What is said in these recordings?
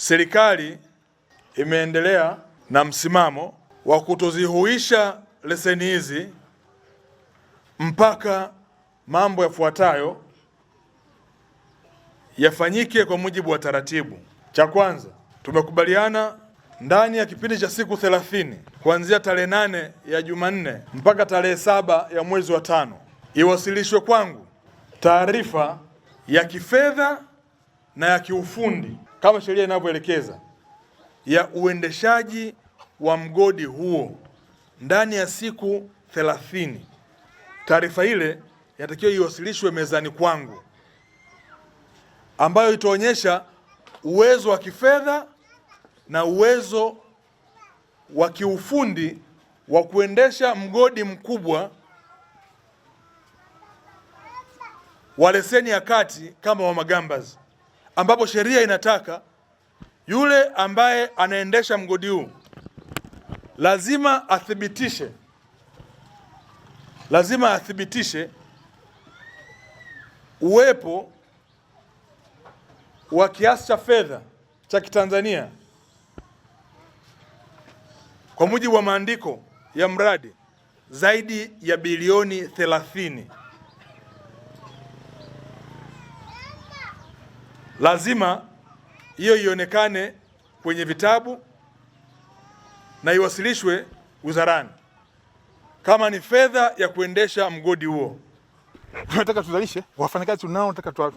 Serikali imeendelea na msimamo wa kutozihuisha leseni hizi mpaka mambo yafuatayo yafanyike kwa mujibu wa taratibu. Cha kwanza, tumekubaliana ndani ya kipindi cha siku thelathini kuanzia tarehe nane ya Jumanne mpaka tarehe saba ya mwezi wa tano iwasilishwe kwangu taarifa ya kifedha na ya kiufundi kama sheria inavyoelekeza ya uendeshaji wa mgodi huo ndani ya siku thelathini. Taarifa ile inatakiwa iwasilishwe mezani kwangu, ambayo itaonyesha uwezo wa kifedha na uwezo wa kiufundi wa kuendesha mgodi mkubwa wa leseni ya kati kama wa Magambazi ambapo sheria inataka yule ambaye anaendesha mgodi huu lazima athibitishe, lazima athibitishe uwepo wa kiasi cha fedha cha Kitanzania kwa mujibu wa maandiko ya mradi zaidi ya bilioni thelathini lazima hiyo ionekane kwenye vitabu na iwasilishwe wizarani kama ni fedha ya kuendesha mgodi huo. Tunataka tuzalishe, wafanyakazi tunao, tunataka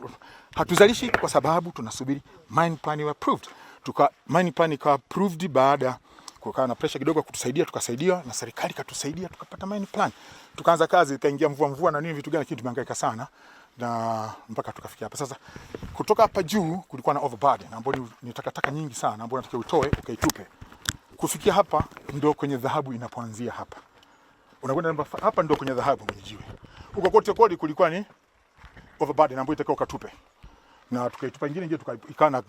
hatuzalishi kwa sababu tunasubiri mine plan approved, tuka mine plan ikawa approved baada kukawa na pressure kidogo kutusaidia, tukasaidiwa na serikali katusaidia, tukapata mine plan, tukaanza kazi, ikaingia mvua mvua na nini vitu gani, lakini tumehangaika sana na mpaka tukafikia hapa. Sasa kutoka hapa juu kulikuwa na overburden ambayo ni takataka nyingi sana ambayo nataka utoe ukaitupe. Kufikia hapa ndio kwenye dhahabu inapoanzia hapa. Unakwenda hapa ndio kwenye dhahabu kwenye jiwe. Huko kote kote kulikuwa ni overburden ambayo itakao ukatupe. Na tukaitupa nyingine, nje tukaikana